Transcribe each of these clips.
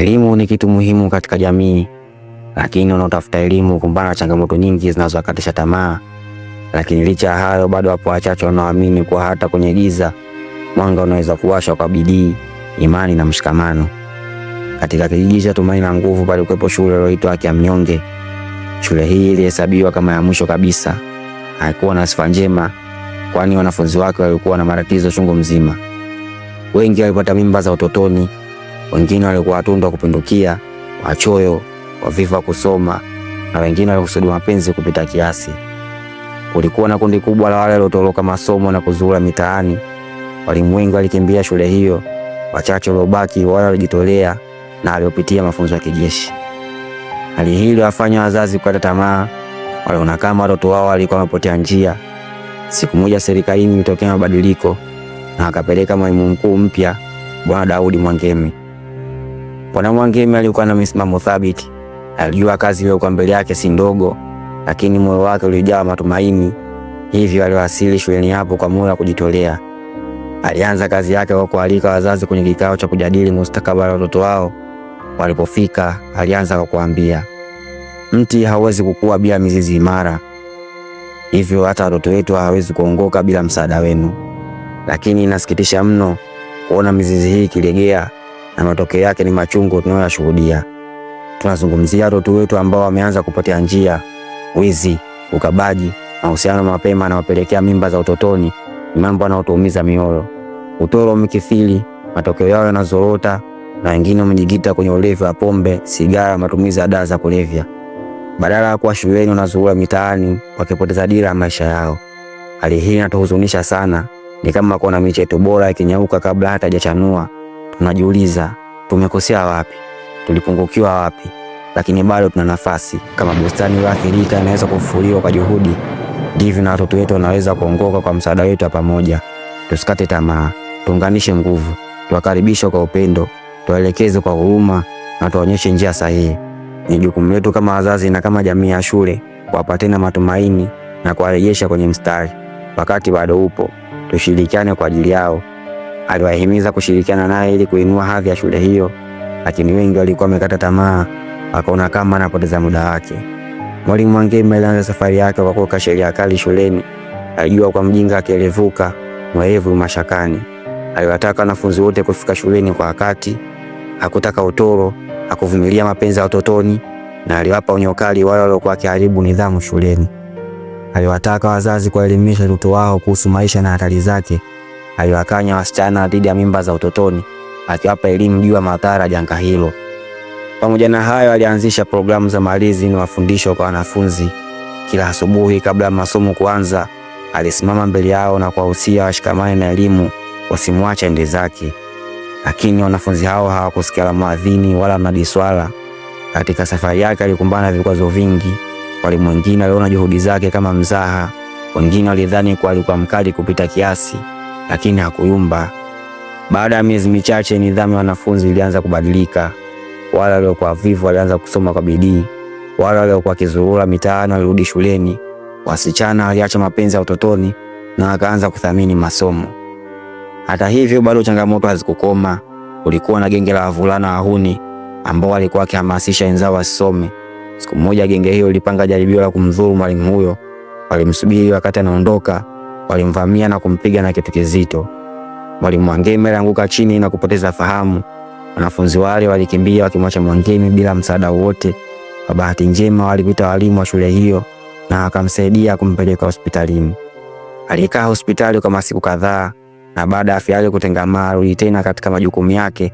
Elimu ni kitu muhimu katika jamii, lakini unaotafuta elimu kumbana na changamoto nyingi zinazowakatisha tamaa. Lakini licha ya hayo, bado wapo wachache wanaoamini kuwa hata kwenye giza mwanga unaweza kuwashwa kwa bidii, imani na mshikamano. Katika kijiji cha Tumaini na Nguvu palikuwepo shule iliyoitwa Haki ya Mnyonge. Shule hii ilihesabiwa kama ya mwisho kabisa. Haikuwa na sifa njema, kwani wanafunzi wake walikuwa na matatizo chungu mzima. Wengi walipata mimba za utotoni wengine walikuwa watunda kupindukia, wachoyo, wavivu wa kusoma, na wengine walikusudi mapenzi kupita kiasi. Kulikuwa na kundi kubwa la wale waliotoroka masomo na kuzuura mitaani. Walimu wengi walikimbia shule hiyo, wachache waliobaki wale walijitolea na waliopitia mafunzo ya kijeshi. Hali hii iliwafanya wazazi kukata tamaa, waliona kama watoto wao walikuwa wamepotea njia. Siku moja serikalini ilitokea mabadiliko na akapeleka mwalimu mkuu mpya Bwana Daudi Mwangemi. Bwana Mwangemi alikuwa na misimamo thabiti. Alijua kazi iliyokuwa mbele yake si ndogo, lakini moyo wake ulijaa matumaini. Hivyo aliwasili shuleni hapo kwa moyo wa kujitolea. Alianza kazi yake kwa kualika wazazi kwenye kikao cha kujadili mustakabali wa watoto wao. Walipofika, alianza kwa kuambia, mti hauwezi kukua bila mizizi imara, hivyo hata watoto wetu hawawezi kuongoka bila msaada wenu. Lakini inasikitisha mno kuona mizizi hii ikilegea na matokeo yake ni machungu tunayoyashuhudia. Tunazungumzia watoto wetu ambao wameanza kupotea njia, wizi, ukabaji, mahusiano mapema anawapelekea mimba za utotoni, ni mambo yanayotuumiza mioyo. Utoro umekithiri, matokeo yao yanazorota, na wengine wamejikita kwenye ulevi wa pombe, sigara, matumizi ya dawa za kulevya. Badala ya kuwa shuleni, wanazuura mitaani wakipoteza dira ya maisha yao. Hali hii inatuhuzunisha sana, ni kama kuona miche yetu bora ikinyauka kabla hata haijachanua tunajiuliza tumekosea wapi, tulipungukiwa wapi, lakini bado tuna nafasi. Kama bustani iliyoathirika inaweza kufufuliwa kwa juhudi, ndivyo na watoto wetu wanaweza kuongoka kwa msaada wetu wa pamoja. Tusikate tamaa, tuunganishe nguvu, tuwakaribishe kwa upendo, tuwaelekeze kwa huruma na tuwaonyeshe njia sahihi. Ni jukumu letu kama wazazi na kama jamii ya shule kuwapatia matumaini na kuwarejesha kwenye mstari. Wakati bado upo, tushirikiane kwa ajili yao aliwahimiza kushirikiana naye ili kuinua hadhi ya shule hiyo, lakini wengi walikuwa wamekata tamaa, wakaona kama anapoteza muda wake. Mwalimu Wangemi alianza safari yake kwa kuweka sheria kali shuleni. Alijua kwa mjinga akielevuka mwerevu mashakani. Aliwataka wanafunzi wote kufika shuleni kwa wakati, hakutaka utoro, hakuvumilia mapenzi ya utotoni, na aliwapa onyo kali wale waliokuwa wakiharibu nidhamu shuleni. Aliwataka wazazi kuwaelimisha watoto wao kuhusu maisha na hatari zake aliwakanya wasichana dhidi ya mimba za utotoni akiwapa elimu juu ya madhara janga hilo. Pamoja na hayo, alianzisha programu za malezi na mafundisho kwa wanafunzi. Kila asubuhi kabla ya masomo kuanza, alisimama mbele yao na kuwahusia washikamane na elimu, wasimwache ende zake. Lakini wanafunzi hao hawakusikia la mwadhini wala mnadi swala. Katika safari yake alikumbana na vikwazo vingi. Walimu wengine waliona juhudi zake kama mzaha, wengine walidhani kuwa alikuwa mkali kupita kiasi lakini hakuyumba. Baada ya miezi michache, nidhamu ya wanafunzi ilianza kubadilika. Wale waliokuwa vivu walianza kusoma kwa bidii, wale waliokuwa kizurura mitaani walirudi shuleni, wasichana waliacha mapenzi ya utotoni na wakaanza kuthamini masomo. Hata hivyo, bado changamoto hazikukoma. Kulikuwa na genge la wavulana wahuni ambao walikuwa wakihamasisha wenzao wasisome. Siku moja, genge hiyo lilipanga jaribio la kumdhuru mwalimu huyo. Walimsubiri wakati anaondoka walimvamia na kumpiga na kitu kizito. Mwalimu Mwangemi alianguka chini na kupoteza fahamu. Wanafunzi wale walikimbia wakimwacha Mwangemi bila msaada wowote. Kwa bahati njema, walipita walimu wa shule hiyo na akamsaidia kumpeleka hospitalini. Alikaa hospitali kwa masiku kadhaa, na baada ya afya yake kutengamaa, alirudi tena katika majukumu yake,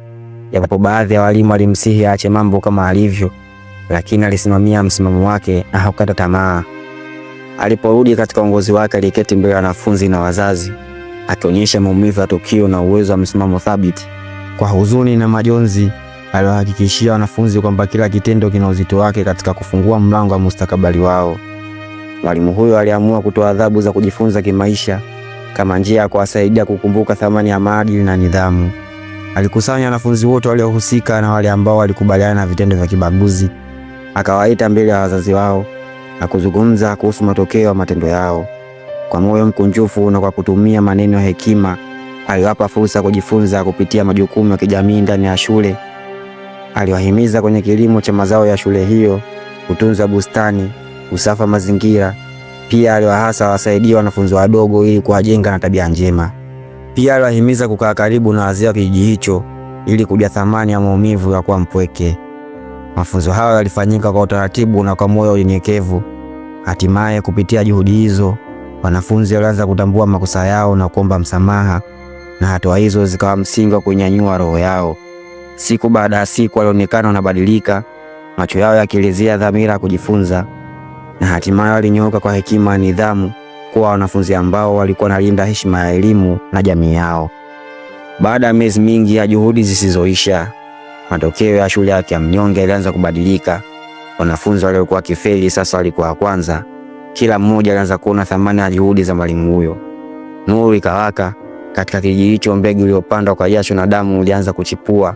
japo baadhi ya walimu walimsihi aache mambo kama alivyo, lakini alisimamia msimamo wake na hakukata tamaa. Aliporudi katika uongozi wake, aliketi mbele ya wanafunzi na wazazi, akionyesha maumivu ya tukio na uwezo wa msimamo thabiti. Kwa huzuni na majonzi, aliwahakikishia wanafunzi kwamba kila kitendo kina uzito wake katika kufungua mlango wa mustakabali wao. Mwalimu huyo aliamua kutoa adhabu za kujifunza kimaisha kama njia ya kuwasaidia kukumbuka thamani ya maadili na nidhamu. Alikusanya wanafunzi wote waliohusika na wale ambao walikubaliana na vitendo vya kibaguzi, akawaita mbele ya wazazi wao na kuzungumza kuhusu matokeo ya matendo yao. Kwa moyo mkunjufu na kwa kutumia maneno ya hekima, aliwapa fursa kujifunza kupitia majukumu ya kijamii ndani ya shule. Aliwahimiza kwenye kilimo cha mazao ya shule hiyo, utunzi wa bustani, usafi wa mazingira. Pia aliwahasa wasaidie wanafunzi wadogo ili kuwajenga na tabia njema. Pia aliwahimiza kukaa karibu na wazee wa kijiji hicho ili kujua thamani ya maumivu ya kuwa mpweke. Mafunzo hayo yalifanyika kwa utaratibu na kwa moyo unyenyekevu. Hatimaye, kupitia juhudi hizo, wanafunzi walianza kutambua makosa yao na kuomba msamaha, na hatua hizo zikawa msingi wa kunyanyua roho yao. Siku baada ya siku, walionekana wanabadilika, macho yao yakielezea dhamira ya kujifunza, na hatimaye walinyooka kwa hekima ya nidhamu kuwa wanafunzi ambao walikuwa wanalinda heshima ya elimu na jamii yao. Baada ya miezi mingi ya juhudi zisizoisha Matokeo ya shule yake ya mnyonge yalianza kubadilika. Wanafunzi waliokuwa kifeli sasa walikuwa kwanza. Kila mmoja alianza kuona thamani ya juhudi za mwalimu huyo. Nuru ikawaka katika kijiji hicho. Mbegu iliyopandwa kwa jasho na damu ulianza kuchipua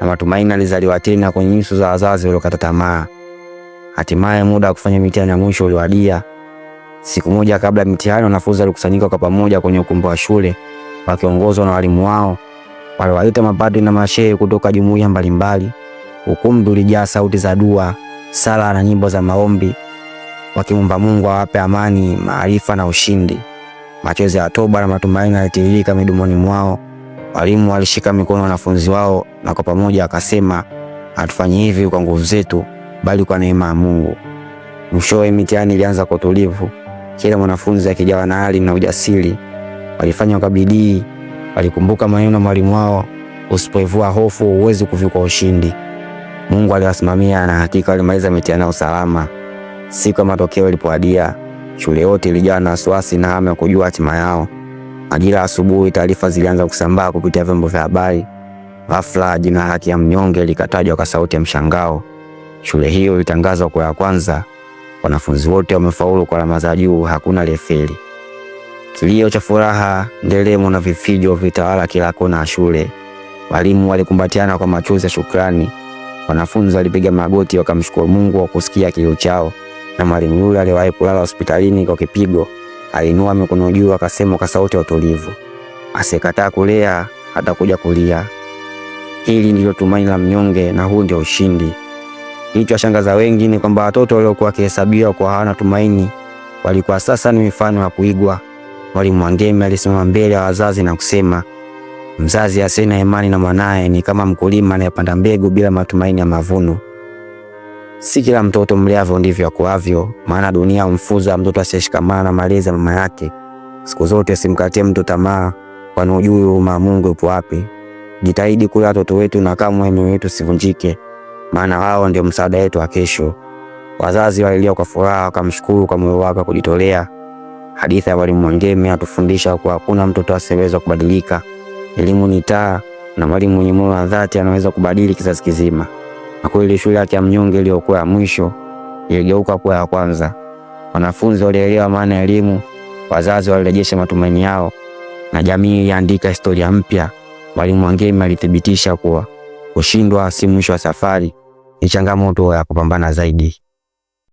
na matumaini alizaliwa tena kwenye nyuso za wazazi waliokata tamaa. Hatimaye muda wa kufanya mitihani ya mwisho uliwadia. Siku moja kabla ya mitihani, wanafunzi walikusanyika kwa pamoja kwenye ukumbi wa shule wakiongozwa na walimu wao waliwaita mapadri na mashehe kutoka jumuiya mbalimbali. Ukumbi ulijaa sauti za dua, sala na nyimbo za maombi, wakimwomba Mungu awape wa amani, maarifa na ushindi. Machozi ya toba na matumaini yalitiririka midomoni mwao. Walimu walishika mikono wanafunzi wao na kwa pamoja akasema, hatufanyi hivi kwa nguvu zetu, bali kwa neema ya Mungu. Mwishowe mitihani ilianza kwa utulivu, kila mwanafunzi akijawa na hali na ujasiri. Walifanya kwa bidii Alikumbuka maneno ya mwalimu wao, usipoivua hofu huwezi kuvikwa ushindi. Mungu aliwasimamia na hakika alimaliza mitihani yao salama. Siku ya matokeo ilipoadia, shule yote ilijawa na wasiwasi na hamu ya kujua hatima yao. Majira asubuhi, taarifa zilianza kusambaa kupitia vyombo vya habari. Ghafla, jina Haki ya Mnyonge likatajwa kwa sauti ya mshangao. Shule hiyo ilitangazwa kwa ya kwanza, wanafunzi wote wamefaulu kwa alama za juu, hakuna aliyefeli. Kilio cha furaha, nderemo na vifijo vitawala kila kona ya shule. Walimu walikumbatiana kwa machozi ya shukrani, wanafunzi walipiga magoti wakamshukuru Mungu kwa kusikia kilio chao, na mwalimu yule aliyewahi kulala hospitalini kwa kipigo alinua mikono juu akasema kwa sauti ya utulivu, asiyekataa kulea atakuja kulia. Hili ndilo tumaini la mnyonge na huu ndio ushindi. Hicho shangaza wengi ni kwamba watoto waliokuwa wakihesabiwa kwa hawana tumaini walikuwa sasa ni mifano ya kuigwa. Mwalimu Wangemi alisimama mbele ya wazazi na kusema, mzazi asiye na imani na mwanaye ni kama mkulima anayepanda mbegu bila matumaini ya mavuno. Si kila mtoto mleavyo ndivyo akuavyo, maana dunia humfuza mtoto asiyeshikamana na malezi ya mama yake. Siku zote simkatie mtu tamaa, kwani hujui huruma ya Mungu ipo wapi. Jitahidi kulea watoto wetu na kamwe mioyo yetu sivunjike, maana wao ndio msaada wetu wa kesho. Wazazi walilia kwa furaha, wakamshukuru kwa moyo wake wa kujitolea. Hadithi ya Mwalimu Mwangemi atufundisha kuwa hakuna mtoto asiyeweza kubadilika. Elimu ni taa na mwalimu mwenye moyo wa dhati anaweza kubadili kizazi kizima. Na kweli shule yake ya mnyonge iliyokuwa ya mwisho iligeuka kuwa ya kwanza. Wanafunzi walielewa maana ya elimu, wazazi walirejesha matumaini yao, na jamii iliandika historia mpya. Mwalimu Mwangemi alithibitisha kuwa kushindwa si mwisho wa safari, ni changamoto ya kupambana zaidi.